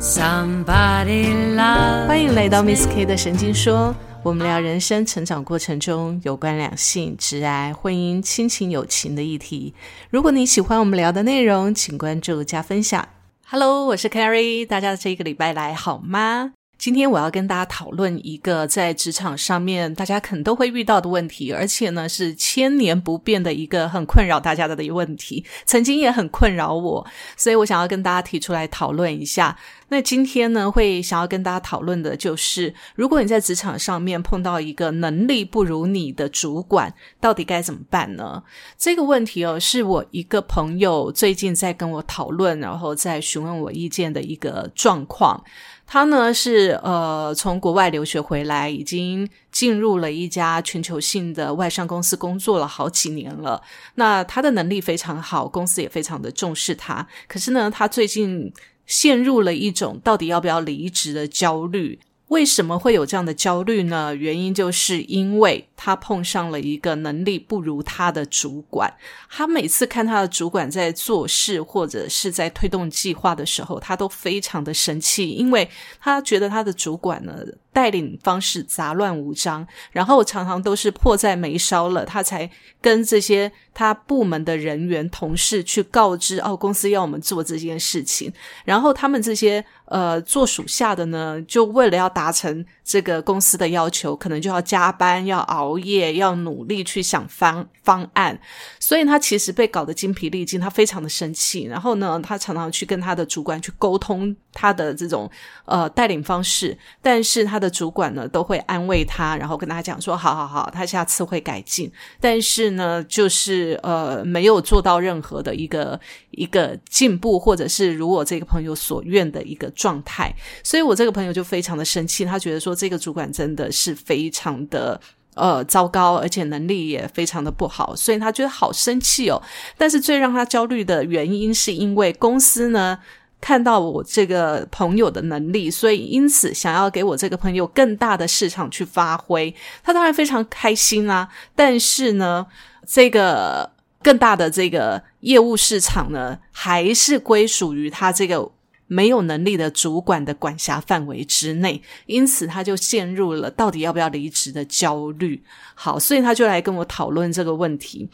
Somebody love 歡迎來到 Miss K 的神經說，我們聊人生成長過程中有關兩性、職涯、婚姻、親情、友情的議題。如果你喜歡我們聊的內容，請關注加分享。Hello，我是 Carrie，大家這一個禮拜來好嗎？今天我要跟大家討論一個在職場上面大家可能都會遇到的問題，而且呢是千年不變的一個很困擾大家的一個問題，曾經也很困擾我，所以我想要跟大家提出來討論一下。那今天呢會想要跟大家討論的就是，如果你在職場上面碰到一個能力不如你的主管，到底該怎麼辦呢？這個問題哦，是我一個朋友最近在跟我討論，然後在詢問我意見的一個狀況。他呢是呃從國外留學回來，已經進入了一家全球性的外商公司工作了好幾年了。那他的能力非常好，公司也非常的重視他。可是呢，他最近陷入了一種到底要不要離職的焦慮。為什麼會有這樣的焦慮呢？原因就是因為他碰上了一個能力不如他的主管，他每次看他的主管在做事或者是在推動計劃的時候，他都非常的生氣，因為他覺得他的主管呢。帶領方式雜亂無章，然後常常都是迫在眉梢了，他才跟這些他部門的人員、同事去告知哦，公司要我們做這件事情。然後他們這些呃做屬下的呢，就為了要達成這個公司的要求，可能就要加班、要熬夜、要努力去想方方案。所以他其實被搞得精疲力盡，他非常的生氣。然後呢，他常常去跟他的主管去溝通他的這種呃帶領方式，但是他的。主管呢都會安慰他，然後跟他講說：“好好好，他下次會改進。”但是呢，就是呃，沒有做到任何的一個一個進步，或者是如我這個朋友所願的一個狀態。所以我這個朋友就非常的生氣，他覺得說這個主管真的是非常的呃糟糕，而且能力也非常的不好，所以他覺得好生氣哦。但是最讓他焦慮的原因是因為公司呢，看到我這個朋友的能力，所以因此想要給我這個朋友更大的市場去發揮，他當然非常開心啊。但是呢，這個更大的這個業務市場呢，還是歸屬於他這個沒有能力的主管的管轄範圍之內，因此他就陷入了到底要不要離職的焦慮。好，所以他就來跟我討論這個問題。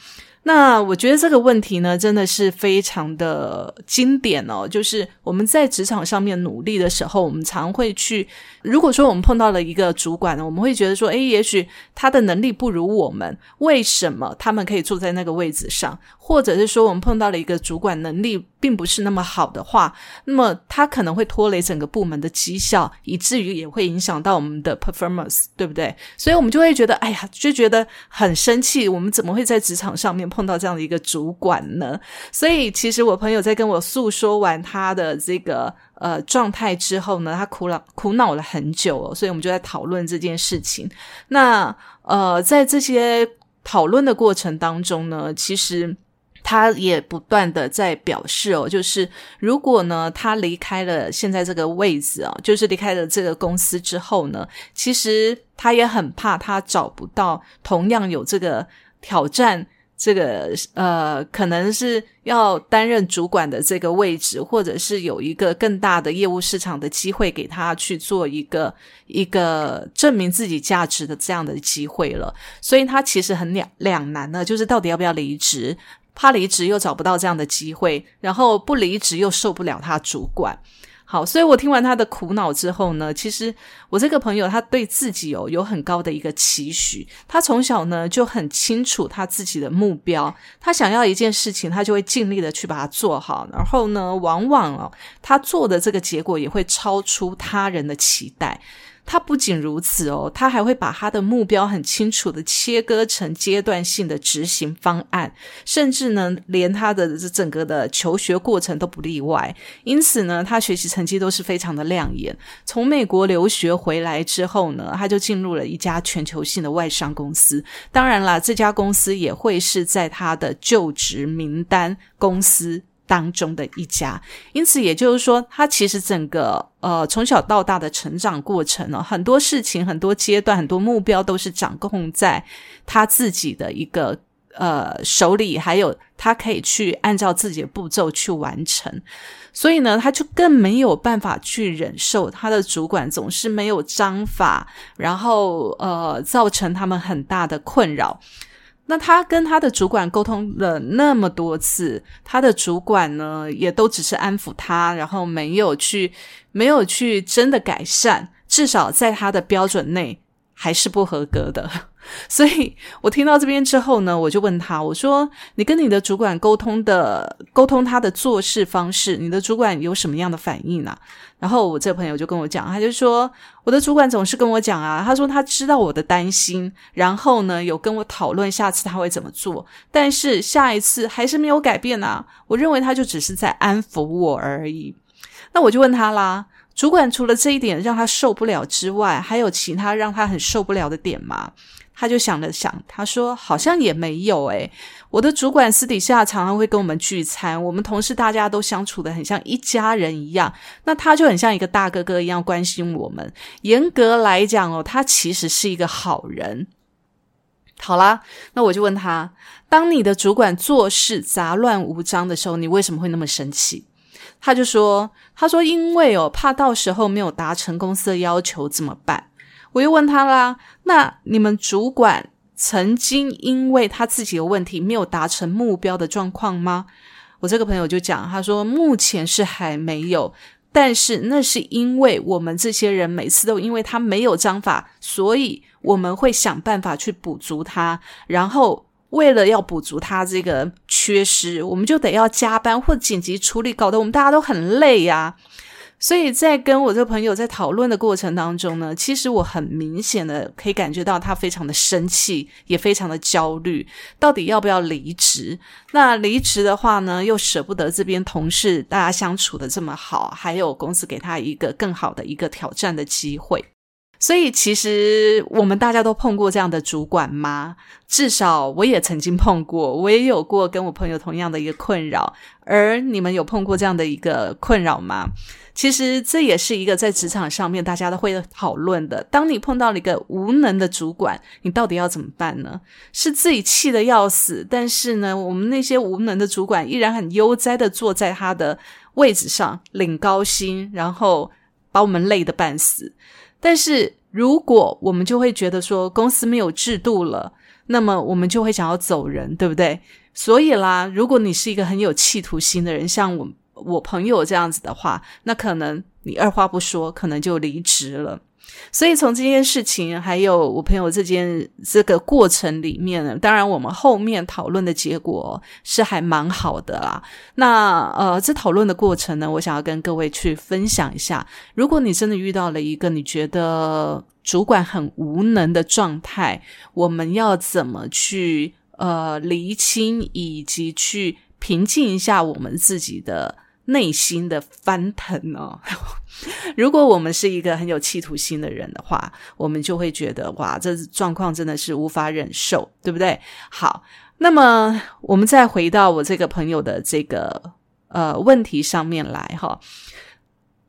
那我覺得這個問題呢，真的是非常的經典哦。就是我們在職場上面努力的時候，我們常會去，如果說我們碰到了一個主管呢，我們會覺得說，哎，也許他的能力不如我們，為什麼他們可以坐在那個位置上？或者是說我們碰到了一個主管能力並不是那麼好的話，那麼他可能會拖累整個部門的績效，以至於也會影響到我們的 performance，對不對？所以我們就會覺得，哎呀，就覺得很生氣，我們怎麼會在職場上面碰到這樣的一個主管呢？所以，其實我朋友在跟我訴說完他的這個呃狀態之後呢，他苦惱苦惱了很久哦，所以我們就在討論這件事情。那呃，在這些討論的過程當中呢，其實。他也不斷的在表示哦，就是如果呢，他離開了現在這個位置哦、啊，就是離開了這個公司之後呢，其實他也很怕，他找不到同樣有這個挑戰，這個呃，可能是要擔任主管的這個位置，或者是有一個更大的業務市場的機會給他去做一個一個證明自己價值的這樣的機會了。所以，他其實很兩兩難呢，就是到底要不要離職？怕離職又找不到這樣的機會，然後不離職又受不了他主管。好，所以我聽完他的苦惱之後呢，其實我這個朋友他對自己，哦，有很高的一個期許，他從小呢就很清楚他自己的目標，他想要一件事情，他就會盡力的去把它做好。然後呢，往往，哦，他做的這個結果也會超出他人的期待。他不僅如此哦，他還會把他的目標很清楚地切割成階段性的執行方案，甚至呢，連他的這整個的求學過程都不例外。因此呢，他學習成績都是非常的亮眼。從美國留學回來之後呢，他就進入了一家全球性的外商公司。當然了，這家公司也會是在他的就職名單公司。當中的一家，因此也就是說，他其實整個呃從小到大的成長過程呢、哦，很多事情、很多階段、很多目標都是掌控在他自己的一個呃手裡，還有他可以去按照自己的步驟去完成，所以呢，他就更沒有辦法去忍受他的主管總是沒有章法，然後呃造成他們很大的困擾。那他跟他的主管溝通了那麼多次，他的主管呢，也都只是安撫他，然後沒有去，沒有去真的改善，至少在他的標準內，還是不合格的。所以我聽到這邊之後呢，我就問他，我說：“你跟你的主管溝通的，溝通他的做事方式，你的主管有什麼樣的反應呢？”然後我這朋友就跟我講，他就說：“我的主管總是跟我講啊，他說他知道我的擔心，然後呢，有跟我討論下次他會怎麼做，但是下一次還是沒有改變啊。我認為他就只是在安撫我而已。”那我就問他啦：“主管除了這一點讓他受不了之外，還有其他讓他很受不了的點嗎？”他就想了想，他說：“好像也沒有誒、欸，我的主管私底下常常會跟我們聚餐，我們同事大家都相處得很像一家人一樣。那他就很像一個大哥哥一樣關心我們。嚴格來講哦，他其實是一個好人。好啦，那我就問他：當你的主管做事雜亂無章的時候，你為什麼會那麼生氣？他就說：他說因為哦，怕到時候沒有達成公司的要求怎麼辦？”我又問他啦，那你們主管曾經因為他自己的問題沒有達成目標的狀況嗎？我這個朋友就講，他說目前是還沒有，但是那是因為我們這些人每次都因為他沒有章法，所以我們會想辦法去補足他，然後為了要補足他這個缺失，我們就得要加班或緊急處理，搞得我們大家都很累呀、啊。所以在跟我這個朋友在討論的過程當中呢，其實我很明顯的可以感覺到他非常的生氣，也非常的焦慮，到底要不要離職？那離職的話呢，又捨不得這邊同事大家相處的這麼好，還有公司給他一個更好的一個挑戰的機會。所以其實我們大家都碰過這樣的主管嗎？至少我也曾經碰過，我也有過跟我朋友同樣的一個困擾。而你們有碰過這樣的一個困擾嗎？其實這也是一個在職場上面大家都會討論的。當你碰到了一個無能的主管，你到底要怎麼辦呢？是自己氣得要死，但是呢，我們那些無能的主管依然很悠哉地坐在他的位置上領高薪，然後把我們累得半死。但是如果我們就會覺得說公司沒有制度了，那麼我們就會想要走人，對不對？所以啦，如果你是一個很有企圖心的人，像我。我朋友這樣子的話，那可能你二話不說，可能就離職了。所以從這件事情，還有我朋友這件這個過程裡面呢，當然我們後面討論的結果是還蠻好的啦。那呃，這討論的過程呢，我想要跟各位去分享一下。如果你真的遇到了一個你覺得主管很無能的狀態，我們要怎麼去呃釐清，以及去平靜一下我們自己的內心的翻騰哦， 如果我們是一個很有企圖心的人的話，我們就會覺得哇，這狀況真的是無法忍受，對不對？好，那麼我們再回到我這個朋友的這個呃問題上面來哈、哦。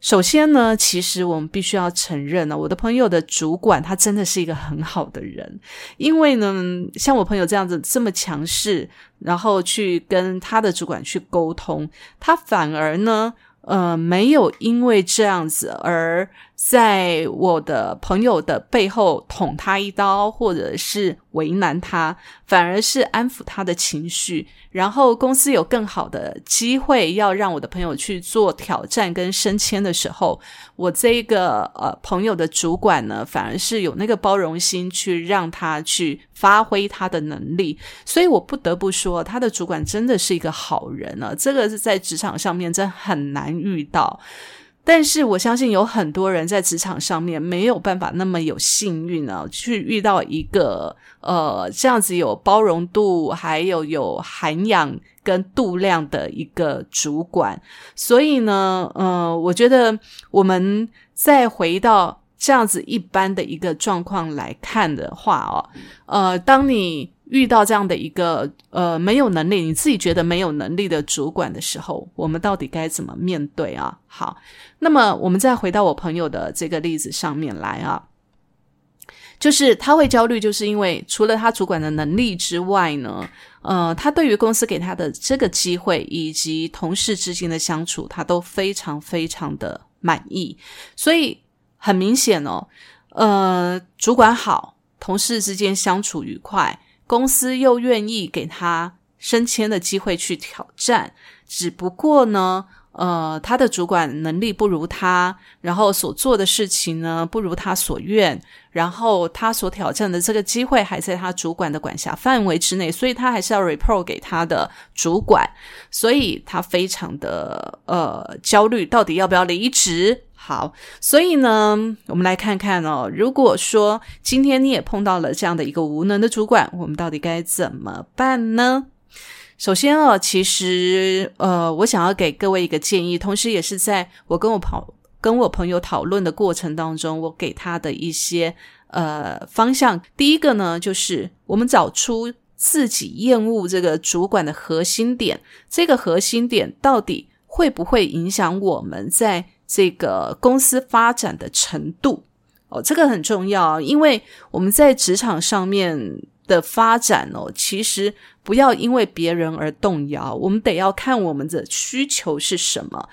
首先呢，其實我們必須要承認呢，我的朋友的主管他真的是一個很好的人，因為呢，像我朋友這樣子這麼強勢，然後去跟他的主管去溝通，他反而呢，呃，沒有因為這樣子而，在我的朋友的背後捅他一刀，或者是為難他，反而是安撫他的情緒。然後公司有更好的機會要讓我的朋友去做挑戰跟升遷的時候，我這個呃朋友的主管呢，反而是有那個包容心去讓他去發揮他的能力。所以我不得不說，他的主管真的是一個好人啊！這個是在職場上面真很難遇到。但是我相信有很多人在職場上面沒有辦法那麼有幸運啊，去遇到一個呃這樣子有包容度，還有有涵養跟度量的一個主管。所以呢，呃，我覺得我們再回到這樣子一般的一個狀況來看的話，哦，呃，當你。遇到這樣的一個，呃沒有能力，你自己覺得沒有能力的主管的時候，我們到底該怎麼面對啊？好，那麼我們再回到我朋友的這個例子上面來啊，就是他會焦慮，就是因為除了他主管的能力之外呢，呃，他對於公司給他的這個機會以及同事之間的相處，他都非常非常的滿意，所以很明顯哦，呃，主管好，同事之間相處愉快。公司又願意給他升遷的機會去挑戰，只不過呢，呃，他的主管能力不如他，然後所做的事情呢不如他所願，然後他所挑戰的這個機會還在他主管的管轄範圍之內，所以他還是要 report 給他的主管，所以他非常的呃焦慮，到底要不要離職？好，所以呢，我們來看看哦。如果說今天你也碰到了這樣的一個無能的主管，我們到底該怎麼辦呢？首先哦，其實呃，我想要給各位一個建議，同時也是在我跟我朋跟我朋友討論的過程當中，我給他的一些呃方向。第一個呢，就是我們找出自己厭惡這個主管的核心點，這個核心點到底會不會影響我們在。這個公司發展的程度哦，這個很重要，因為我們在職場上面的發展哦，其實不要因為別人而動搖，我們得要看我們的需求是什麼。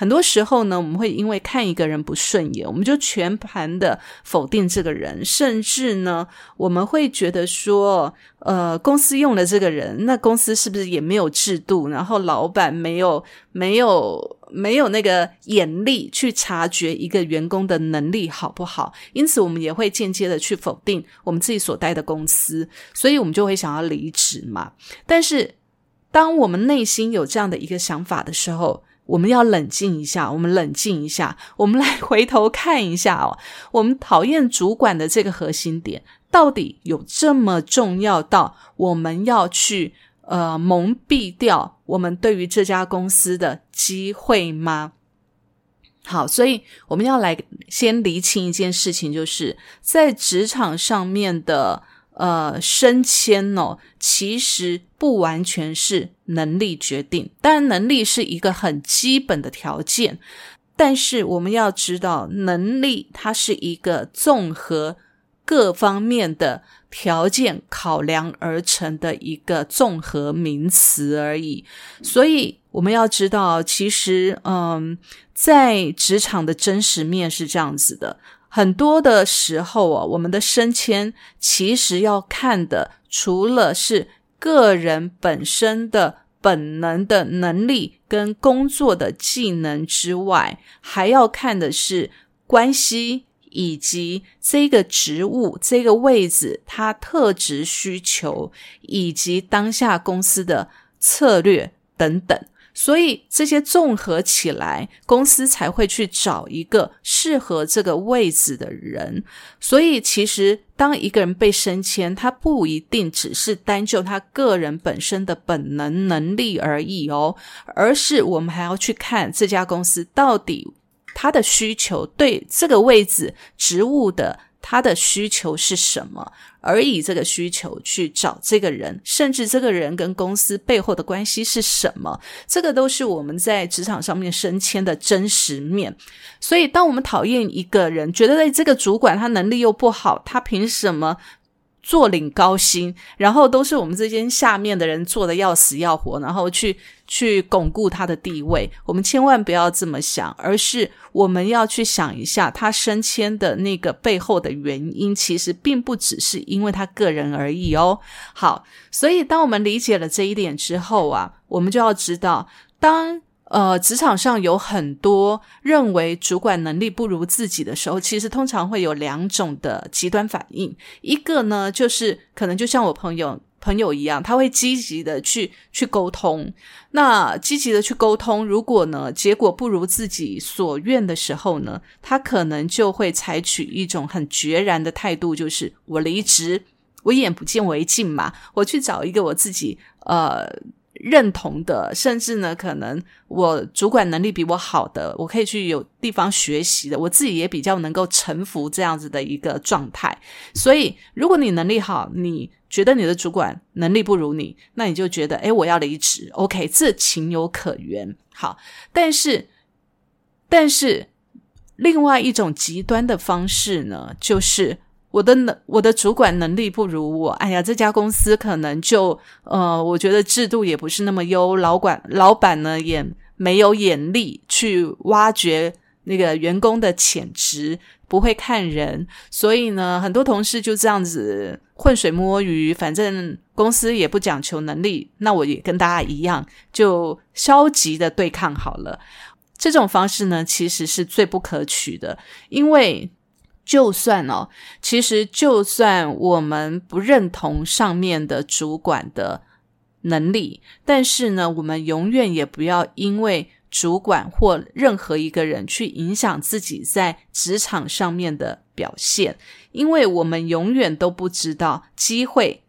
很多時候呢，我們會因為看一個人不順眼，我們就全盤的否定這個人，甚至呢，我們會覺得說，呃，公司用了這個人，那公司是不是也沒有制度，然後老闆沒有沒有沒有那個眼力去察覺一個員工的能力好不好？因此，我們也會間接的去否定我們自己所待的公司，所以我們就會想要離職嘛。但是，當我們內心有這樣的一個想法的時候，我們要冷靜一下，我們冷靜一下，我們來回頭看一下哦。我們討厭主管的這個核心點，到底有這麼重要到我們要去呃蒙蔽掉我們對於這家公司的機會嗎？好，所以我們要來先釐清一件事情，就是在職場上面的。呃，升遷哦，其實不完全是能力決定，當然能力是一個很基本的條件，但是我們要知道，能力它是一個綜合各方面的條件考量而成的一個綜合名詞而已，所以我們要知道，其實，嗯，在職場的真實面是這樣子的。很多的時候啊，我們的升遷其實要看的，除了是個人本身的本能的能力跟工作的技能之外，還要看的是關係，以及這個職務、這個位置它特質需求，以及當下公司的策略等等。所以這些綜合起來，公司才會去找一個適合這個位置的人。所以，其實當一個人被升遷，他不一定只是單就他個人本身的本能能力而已哦，而是我們還要去看這家公司到底他的需求對這個位置職務的。他的需求是什麼，而以這個需求去找這個人，甚至這個人跟公司背後的關係是什麼，這個都是我們在職場上面升遷的真實面。所以，當我們討厭一個人，覺得這個主管他能力又不好，他憑什麼？坐領高薪，然後都是我們這些下面的人做的要死要活，然後去去鞏固他的地位。我們千萬不要這麼想，而是我們要去想一下他升遷的那個背後的原因，其實並不只是因為他個人而已哦。好，所以當我們理解了這一點之後啊，我們就要知道，當。呃，職場上有很多認為主管能力不如自己的時候，其實通常會有兩種的極端反應。一個呢，就是可能就像我朋友朋友一樣，他會積極的去去溝通。那積極的去溝通，如果呢結果不如自己所願的時候呢，他可能就會採取一種很決然的態度，就是我離職，我眼不見為淨嘛，我去找一個我自己呃。認同的，甚至呢，可能我主管能力比我好的，我可以去有地方學習的，我自己也比較能夠臣服這樣子的一個狀態。所以，如果你能力好，你覺得你的主管能力不如你，那你就覺得，哎，我要離職，OK，這情有可原。好，但是，但是，另外一種極端的方式呢，就是。我的能，我的主管能力不如我。哎呀，這家公司可能就，呃，我覺得制度也不是那麼優，老管老板呢也沒有眼力去挖掘那個員工的潛質，不會看人，所以呢，很多同事就這樣子混水摸魚，反正公司也不講求能力，那我也跟大家一樣，就消極的對抗好了。這種方式呢，其實是最不可取的，因為。就算哦，其實就算我們不認同上面的主管的能力，但是呢，我們永遠也不要因為主管或任何一個人去影響自己在職場上面的表現，因為我們永遠都不知道機會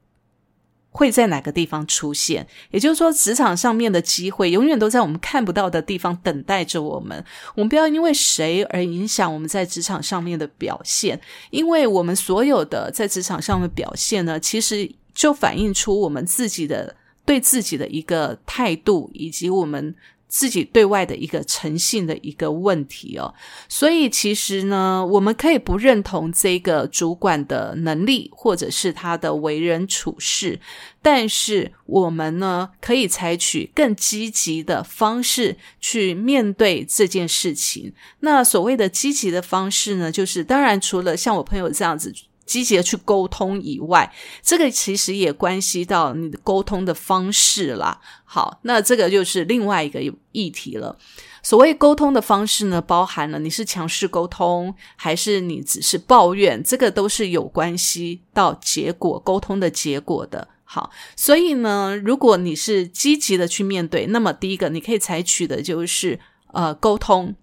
會在哪個地方出現？也就是說，職場上面的機會永遠都在我們看不到的地方等待着我們。我們不要因為誰而影響我們在職場上面的表現，因為我們所有的在職場上的表現呢，其實就反映出我們自己的對自己的一個態度，以及我們。自己對外的一個誠信的一個問題哦，所以其實呢，我們可以不認同這個主管的能力，或者是他的為人處事，但是我們呢，可以採取更積極的方式去面對這件事情。那所謂的積極的方式呢，就是當然除了像我朋友這樣子。積極的去溝通以外，這個其實也關係到你的溝通的方式啦。好，那這個就是另外一個議題了。所謂溝通的方式呢，包含了你是強勢溝通，還是你只是抱怨，這個都是有關係到結果溝通的結果的。好，所以呢，如果你是積極的去面對，那麼第一個你可以採取的就是呃溝通。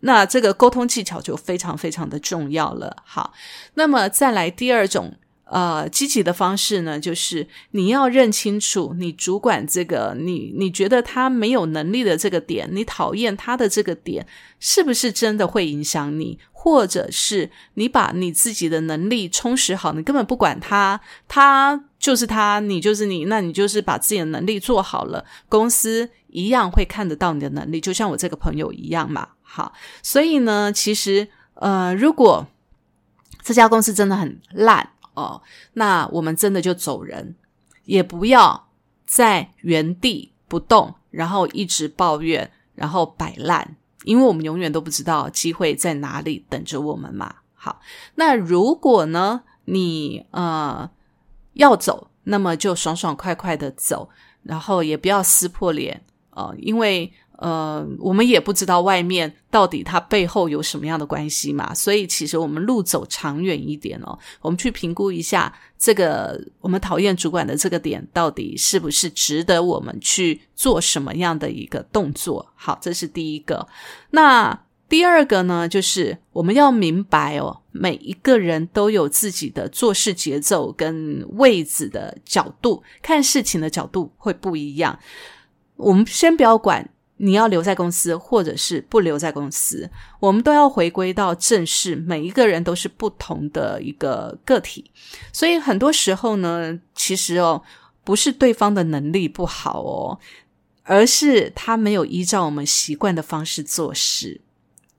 那這個溝通技巧就非常非常的重要了。好，那麼再來第二種，呃，積極的方式呢，就是你要認清楚你主管這個你你覺得他沒有能力的這個點，你討厭他的這個點，是不是真的會影響你？或者是你把你自己的能力充實好，你根本不管他，他就是他，你就是你，那你就是把自己的能力做好了，公司一樣會看得到你的能力，就像我這個朋友一樣嘛。好，所以呢，其實，呃，如果這家公司真的很爛哦，那我們真的就走人，也不要，在原地不動，然後一直抱怨，然後擺爛，因為我們永遠都不知道機會在哪裡等着我們嘛。好，那如果呢，你呃要走，那麼就爽爽快快的走，然後也不要撕破臉哦，呃，因為。呃，我們也不知道外面到底他背後有什麼樣的關係嘛，所以其實我們路走長遠一點哦，我們去評估一下這個我們討厭主管的這個點到底是不是值得我們去做什麼樣的一個動作。好，這是第一個。那第二個呢，就是我們要明白哦，每一個人都有自己的做事節奏跟位置的角度，看事情的角度會不一樣。我們先不要管。你要留在公司，或者是不留在公司，我們都要回歸到正視，每一個人都是不同的一個個體，所以很多時候呢，其實哦，不是對方的能力不好哦，而是他沒有依照我們習慣的方式做事，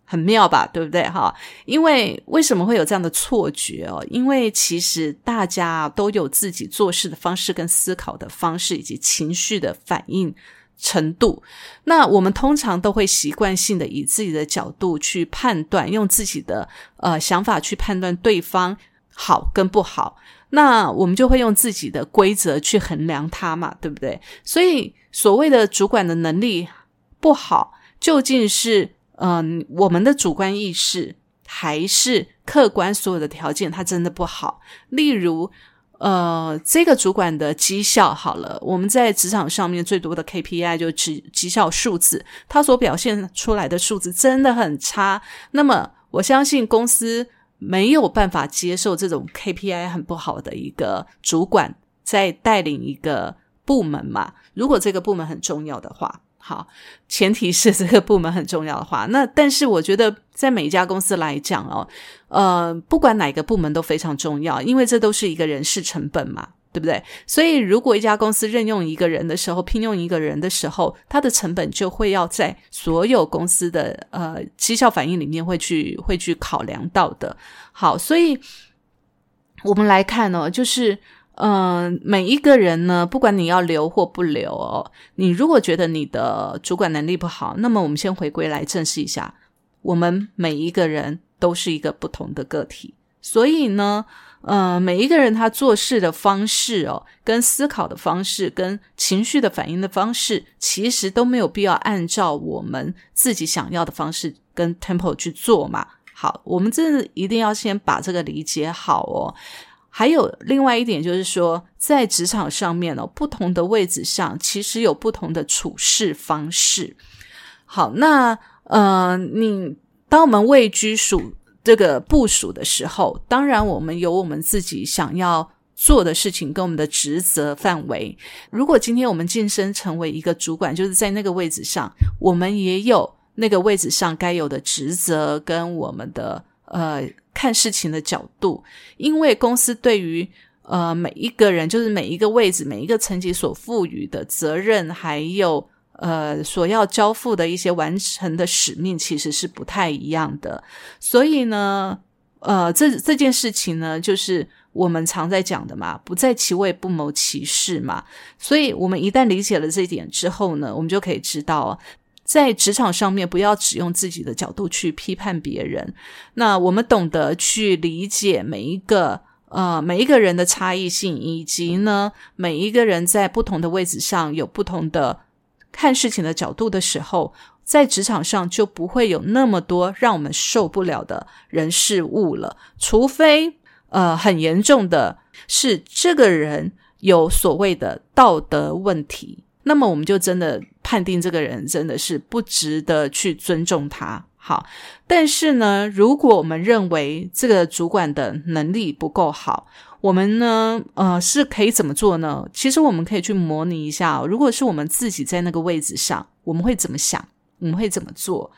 很妙吧，對不對？哈，因為為什麼會有這樣的錯覺哦？因為其實大家都有自己做事的方式、跟思考的方式以及情緒的反應。程度，那我們通常都會習慣性的以自己的角度去判斷，用自己的呃想法去判斷對方好跟不好，那我們就會用自己的規則去衡量他嘛，對不對？所以所謂的主管的能力不好，究竟是嗯、呃、我們的主觀意識，還是客觀所有的條件他真的不好？例如。呃，這個主管的績效好了，我們在職場上面最多的 KPI 就是績、績效數字，他所表現出來的數字真的很差。那麼我相信公司沒有辦法接受這種 KPI 很不好的一個主管在帶領一個部門嘛。如果這個部門很重要的話，好，前提是這個部門很重要的話，那但是我覺得。在每一家公司來講哦，呃，不管哪個部門都非常重要，因為這都是一個人事成本嘛，對不對？所以，如果一家公司任用一個人的時候，聘用一個人的時候，他的成本就會要在所有公司的呃績效反應裡面會去會去考量到的。好，所以我們來看哦，就是嗯、呃，每一個人呢，不管你要留或不留哦，你如果覺得你的主管能力不好，那麼我們先回歸來正視一下。我們每一個人都是一個不同的個體，所以呢，呃，每一個人他做事的方式哦，跟思考的方式，跟情緒的反應的方式，其實都沒有必要按照我們自己想要的方式跟 tempo 去做嘛。好，我們這一定要先把這個理解好哦。還有另外一點就是說，在職場上面呢、哦，不同的位置上其實有不同的處事方式。好，那。嗯、呃，你當我們位居屬這個部屬的時候，當然我們有我們自己想要做的事情跟我們的職責範圍。如果今天我們晉升成為一個主管，就是在那個位置上，我們也有那個位置上該有的職責跟我們的呃看事情的角度。因為公司對於呃每一個人，就是每一個位置、每一個層級所賦予的責任，還有。呃，所要交付的一些完成的使命其實是不太一樣的，所以呢，呃，這這件事情呢，就是我們常在講的嘛，不在其位不謀其事嘛。所以，我們一旦理解了這一點之後呢，我們就可以知道，在職場上面不要只用自己的角度去批判別人。那我們懂得去理解每一個呃每一個人的差異性，以及呢，每一個人在不同的位置上有不同的。看事情的角度的時候，在職場上就不會有那麼多讓我們受不了的人事物了。除非，呃，很嚴重的是這個人有所謂的道德問題，那麼我們就真的判定這個人真的是不值得去尊重他。好，但是呢，如果我們認為這個主管的能力不夠好，我們呢，呃，是可以怎麼做呢？其實我們可以去模擬一下哦，如果是我們自己在那個位置上，我們會怎麼想？我們會怎麼做？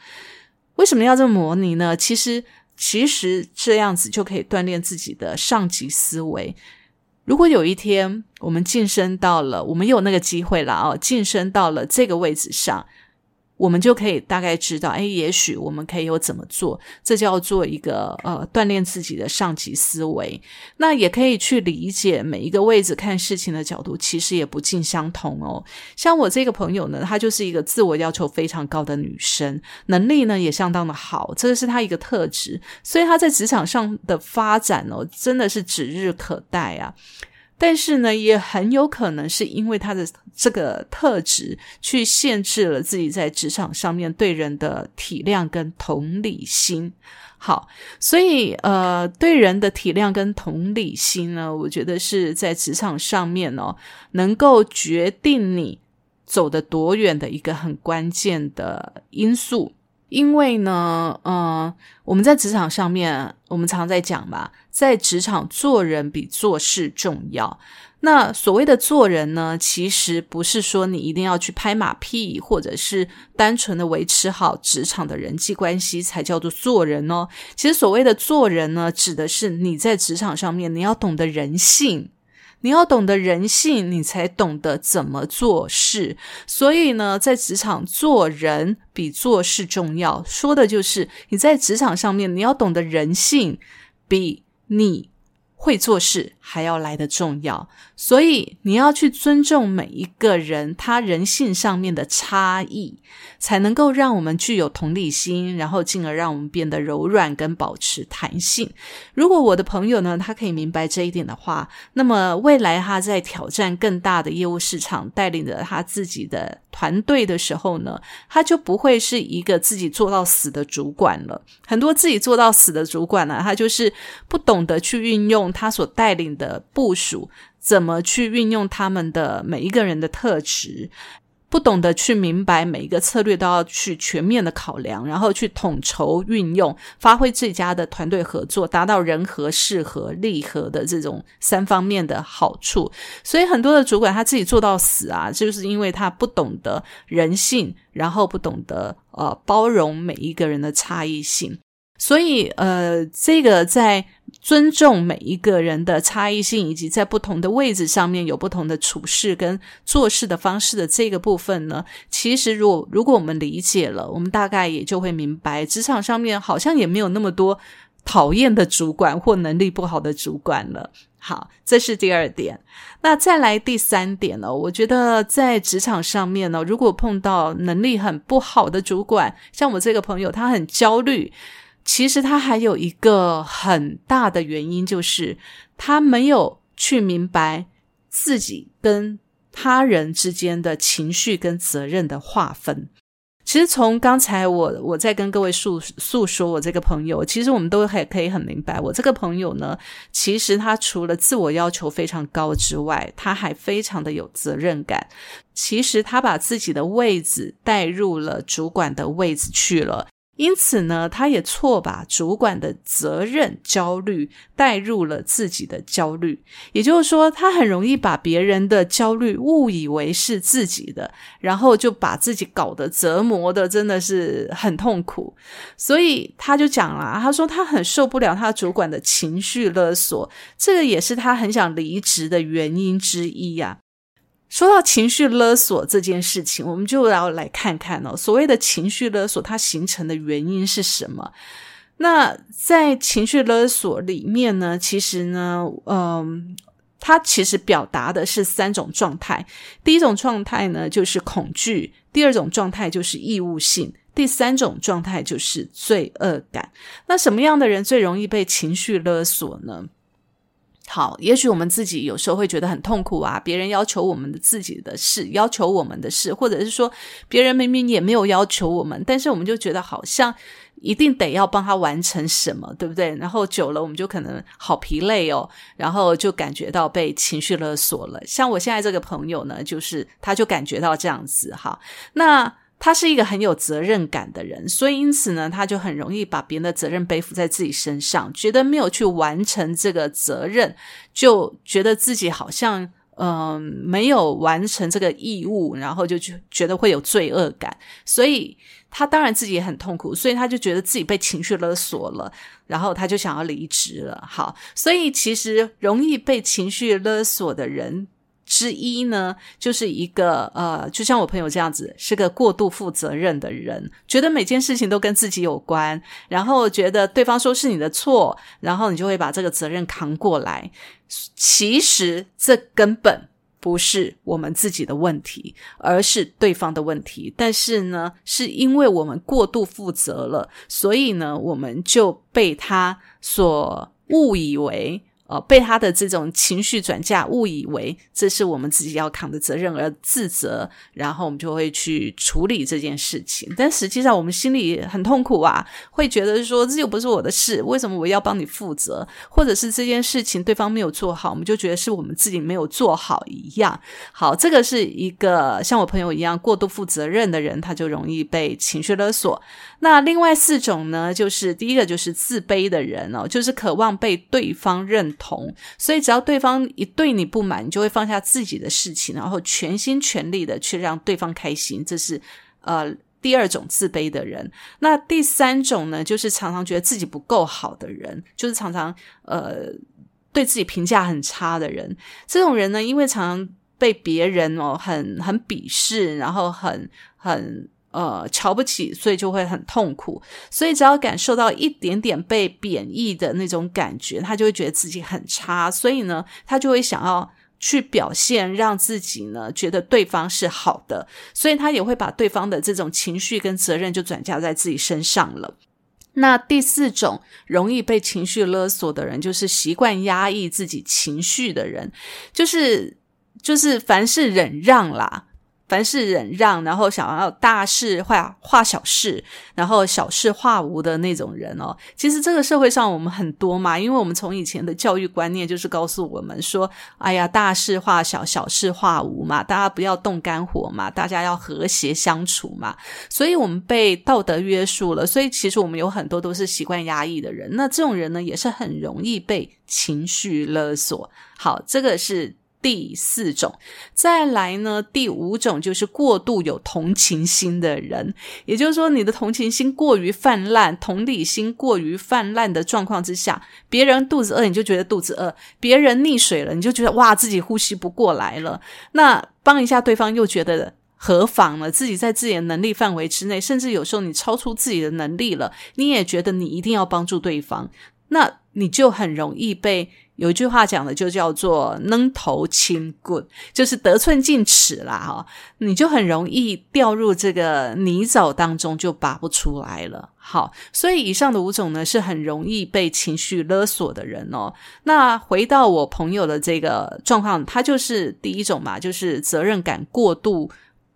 為什麼要這麼模擬呢？其實，其實這樣子就可以鍛鍊自己的上級思維。如果有一天我們晉升到了，我們有那個機會了哦，晉升到了這個位置上。我們就可以大概知道，誒，也許我們可以有怎麼做，這叫做一個呃鍛鍊自己的上級思維。那也可以去理解每一個位置看事情的角度，其實也不盡相同哦。像我這個朋友呢，她就是一個自我要求非常高的女生，能力呢也相當的好，這個是她一個特質，所以她在職場上的發展哦，真的是指日可待啊。但是呢，也很有可能是因為他的這個特質，去限制了自己在職場上面對人的體諒跟同理心。好，所以呃，對人的體諒跟同理心呢，我覺得是在職場上面哦，能夠決定你走得多遠的一個很關鍵的因素。因為呢，嗯、呃，我們在職場上面，我們常在講吧，在職場做人比做事重要。那所謂的做人呢，其實不是說你一定要去拍馬屁，或者是單純的維持好職場的人際關係才叫做做人哦。其實所謂的做人呢，指的是你在職場上面你要懂得人性。你要懂得人性，你才懂得怎麼做事。所以呢，在職場做人比做事重要。說的就是你在職場上面，你要懂得人性，比你會做事。還要來得重要，所以你要去尊重每一個人，他人性上面的差異，才能夠讓我們具有同理心，然後進而讓我們變得柔軟跟保持彈性。如果我的朋友呢，他可以明白這一點的話，那麼未來他在挑戰更大的業務市場，帶領着他自己的團隊的時候呢，他就不會是一個自己做到死的主管了。很多自己做到死的主管呢、啊，他就是不懂得去運用他所帶領的，的部署，怎麼去運用他們的每一個人的特質，不懂得去明白每一個策略都要去全面的考量，然後去統籌運用，發揮最佳的團隊合作，達到人合、事合、力合的這種三方面的好處。所以很多的主管他自己做到死啊，就是因為他不懂得人性，然後不懂得呃包容每一個人的差異性。所以，呃，這個在尊重每一個人的差異性，以及在不同的位置上面有不同的處事跟做事的方式的這個部分呢，其實，如果如果我們理解了，我們大概也就會明白，職場上面好像也沒有那麼多討厭的主管或能力不好的主管了。好，這是第二點。那再來第三點呢，我覺得在職場上面呢，如果碰到能力很不好的主管，像我這個朋友，他很焦慮。其實他還有一個很大的原因，就是他沒有去明白自己跟他人之間的情緒跟責任的劃分。其實從剛才我我在跟各位訴訴說我這個朋友，其實我們都很可以很明白，我這個朋友呢，其實他除了自我要求非常高之外，他還非常的有責任感。其實他把自己的位置帶入了主管的位置去了。因此呢，他也錯把主管的責任焦慮帶入了自己的焦慮，也就是說，他很容易把別人的焦慮誤以為是自己的，然後就把自己搞得折磨的真的是很痛苦。所以他就講了，他說他很受不了他主管的情緒勒索，這個也是他很想離職的原因之一呀、啊。說到情緒勒索這件事情，我們就要來看看哦，所謂的情緒勒索，它形成的原因是什麼？那在情緒勒索裡面呢，其實呢，嗯、呃，它其實表達的是三種狀態。第一種狀態呢，就是恐懼；第二種狀態就是義務性；第三種狀態就是罪惡感。那什麼樣的人最容易被情緒勒索呢？好，也許我們自己有時候會覺得很痛苦啊，別人要求我們自己的事，要求我們的事，或者是說別人明明也沒有要求我們，但是我們就覺得好像一定得要幫他完成什麼，對不對？然後久了我們就可能好疲累哦，然後就感覺到被情緒勒索了。像我現在這個朋友呢，就是他就感覺到這樣子哈，那。他是一個很有責任感的人，所以因此呢，他就很容易把別人的責任背負在自己身上，覺得沒有去完成這個責任，就覺得自己好像嗯、呃、沒有完成這個義務，然後就覺覺得會有罪惡感，所以他當然自己也很痛苦，所以他就覺得自己被情緒勒索了，然後他就想要離職了。好，所以其實容易被情緒勒索的人。之一呢，就是一個呃，就像我朋友這樣子，是個過度負責任的人，覺得每件事情都跟自己有關，然後覺得對方說是你的錯，然後你就會把這個責任扛過來。其實這根本不是我們自己的問題，而是對方的問題。但是呢，是因為我們過度負責了，所以呢，我們就被他所誤以為。呃、哦，被他的這種情緒轉嫁，誤以為這是我們自己要扛的責任而自責，然後我們就會去處理這件事情。但實際上我們心裡很痛苦啊，會覺得說，這又不是我的事，為什麼我要幫你負責？或者是這件事情對方沒有做好，我們就覺得是我們自己沒有做好一樣。好，這個是一個像我朋友一樣過度負責任的人，他就容易被情緒勒索。那另外四種呢，就是第一個就是自卑的人哦，就是渴望被對方認同，所以只要對方一對你不滿，你就會放下自己的事情，然後全心全力的去讓對方開心。這是呃第二種自卑的人。那第三種呢，就是常常覺得自己不夠好的人，就是常常呃對自己評價很差的人。這種人呢，因為常常被別人哦很很鄙視，然後很很。呃，瞧不起，所以就會很痛苦。所以只要感受到一點點被貶抑的那種感覺，他就會覺得自己很差。所以呢，他就會想要去表現，讓自己呢覺得對方是好的。所以他也會把對方的這種情緒跟責任就轉嫁在自己身上了。那第四種容易被情緒勒索的人，就是習慣壓抑自己情緒的人，就是就是凡事忍讓啦。凡事忍讓，然後想要大事化化小事，然後小事化無的那種人哦，其實這個社會上我們很多嘛，因為我們從以前的教育觀念就是告訴我們說，哎呀，大事化小，小事化無嘛，大家不要動肝火嘛，大家要和諧相處嘛，所以我們被道德約束了，所以其實我們有很多都是習慣壓抑的人，那這種人呢，也是很容易被情緒勒索。好，這個是。第四種，再來呢？第五種就是過度有同情心的人，也就是說，你的同情心過於泛濫，同理心過於泛濫的狀況之下，別人肚子餓你就覺得肚子餓，別人溺水了你就覺得哇自己呼吸不過來了，那幫一下對方又覺得何妨了，自己在自己的能力範圍之內，甚至有時候你超出自己的能力了，你也覺得你一定要幫助對方，那你就很容易被。有一句話講的就叫做“軟土深掘”，就是得寸進尺啦，哦，哈，你就很容易掉入這個泥沼當中，就拔不出來了。好，所以以上的五種呢，是很容易被情緒勒索的人哦。那回到我朋友的這個狀況，他就是第一種嘛，就是責任感過度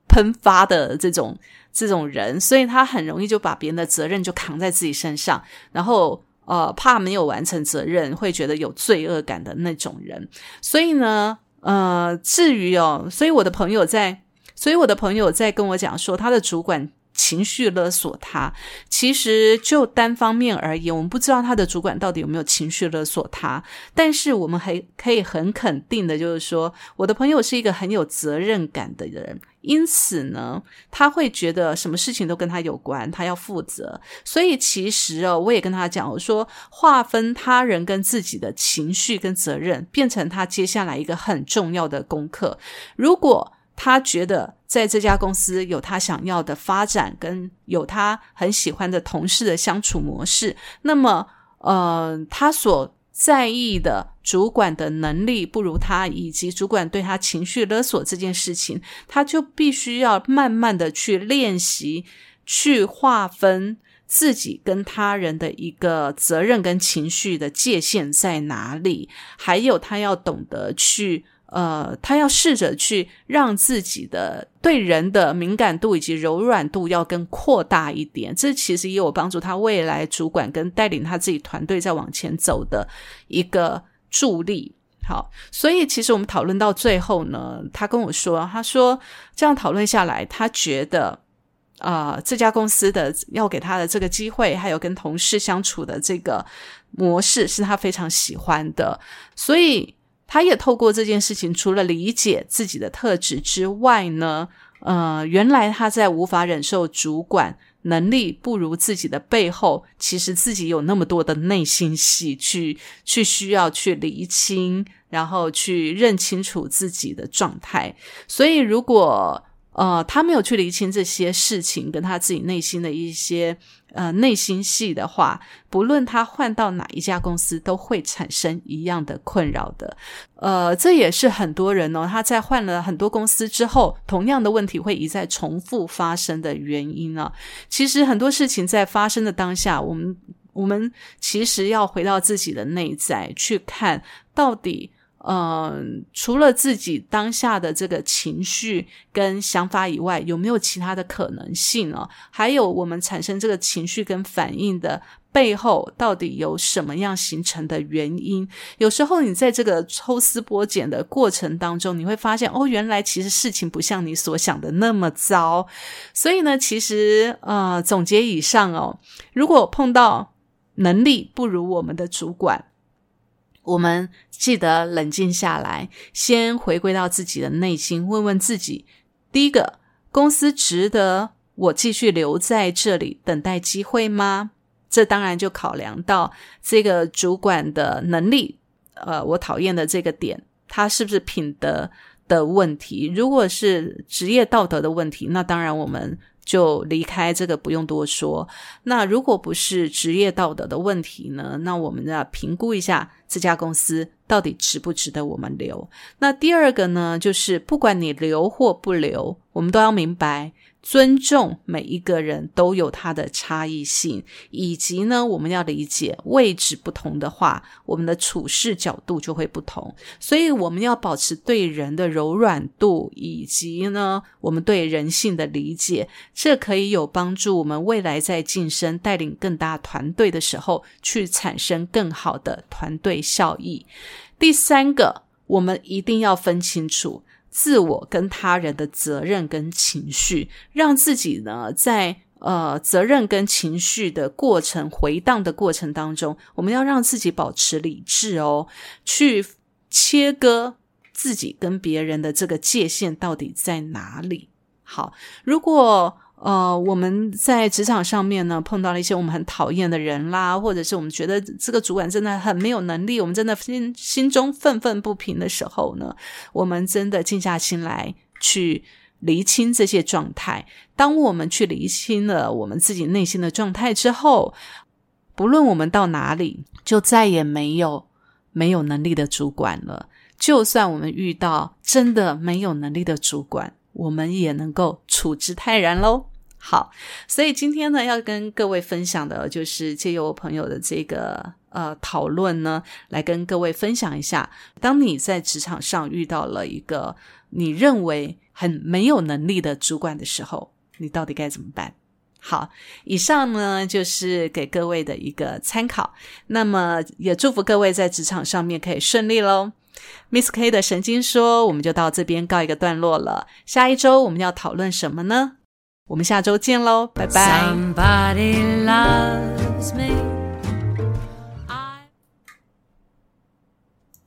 噴發的這種這種人，所以他很容易就把別人的責任就扛在自己身上，然後。呃，怕沒有完成責任，會覺得有罪惡感的那種人。所以呢，呃，至於哦，所以我的朋友在，所以我的朋友在跟我講說，他的主管。情緒勒索他，其實就單方面而言，我們不知道他的主管到底有沒有情緒勒索他。但是我們還可以很肯定的就是說，我的朋友是一個很有責任感的人，因此呢，他會覺得什麼事情都跟他有關，他要負責。所以其實哦，我也跟他講，我說劃分他人跟自己的情緒跟責任，變成他接下來一個很重要的功課。如果他覺得，在這家公司有他想要的發展，跟有他很喜歡的同事的相處模式。那麼，呃，他所在意的主管的能力不如他，以及主管對他情緒勒索這件事情，他就必須要慢慢的去練習，去劃分自己跟他人的一個責任跟情緒的界限在哪裡，還有他要懂得去。呃，他要試着去讓自己的對人的敏感度以及柔軟度要更擴大一點，這其實也有幫助他未來主管跟帶領他自己團隊在往前走的一個助力。好，所以其實我們討論到最後呢，他跟我說，他說這樣討論下來，他覺得啊，呃，這家公司的要給他的這個機會，還有跟同事相處的這個模式，是他非常喜歡的，所以。他也透過這件事情，除了理解自己的特質之外呢，呃，原來他在無法忍受主管能力不如自己的背後，其實自己有那麼多的內心戲，去去需要去理清，然後去認清楚自己的狀態。所以如果。呃，他沒有去理清這些事情跟他自己內心的一些呃內心戲的話，不論他換到哪一家公司，都會產生一樣的困擾的。呃，這也是很多人呢、哦，他在換了很多公司之後，同樣的問題會一再重複發生的原因啊。其實很多事情在發生的當下，我們我們其實要回到自己的內在去看到底，嗯、呃，除了自己當下的這個情緒跟想法以外，有沒有其他的可能性呢、哦？還有我們產生這個情緒跟反應的背後，到底有什麼樣形成的原因？有時候你在這個抽絲剝繭的過程當中，你會發現哦，原來其實事情不像你所想的那麼糟。所以呢，其實呃，總結以上哦，如果碰到能力不如我們的主管。我們記得冷靜下來，先回歸到自己的內心，問問自己：第一個，公司值得我繼續留在這裡等待機會嗎？這當然就考量到這個主管的能力。呃，我討厭的這個點，他是不是品德的問題？如果是職業道德的問題，那當然我們。就離開這個不用多說。那如果不是職業道德的問題呢？那我們要評估一下這家公司到底值不值得我們留。那第二個呢，就是不管你留或不留，我們都要明白。尊重每一個人都有他的差異性，以及呢，我們要理解位置不同的話，我們的處事角度就會不同。所以我們要保持對人的柔軟度，以及呢，我們對人性的理解，這可以有幫助我們未來在晉升、帶領更大團隊的時候，去產生更好的團隊效益。第三個，我們一定要分清楚。自我跟他人的責任跟情緒，讓自己呢在呃責任跟情緒的過程回盪的過程當中，我們要讓自己保持理智哦，去切割自己跟別人的這個界限到底在哪裡。好，如果。呃，我們在職場上面呢，碰到了一些我們很討厭的人啦，或者是我們覺得這個主管真的很沒有能力，我們真的心心中憤憤不平的時候呢，我們真的靜下心來去釐清這些狀態。當我們去釐清了我們自己內心的狀態之後，不論我們到哪裡，就再也沒有沒有能力的主管了。就算我們遇到真的沒有能力的主管。我們也能夠處之泰然嘍。好，所以今天呢，要跟各位分享的就是借由我朋友的這個呃討論呢，來跟各位分享一下，當你在職場上遇到了一個你認為很沒有能力的主管的時候，你到底該怎麼辦？好，以上呢就是給各位的一個參考。那麼也祝福各位在職場上面可以順利嘍。Miss K 的神經說，我們就到這邊告一個段落了。下一周我們要討論什麼呢？我們下周見嘍，拜拜。Somebody loves me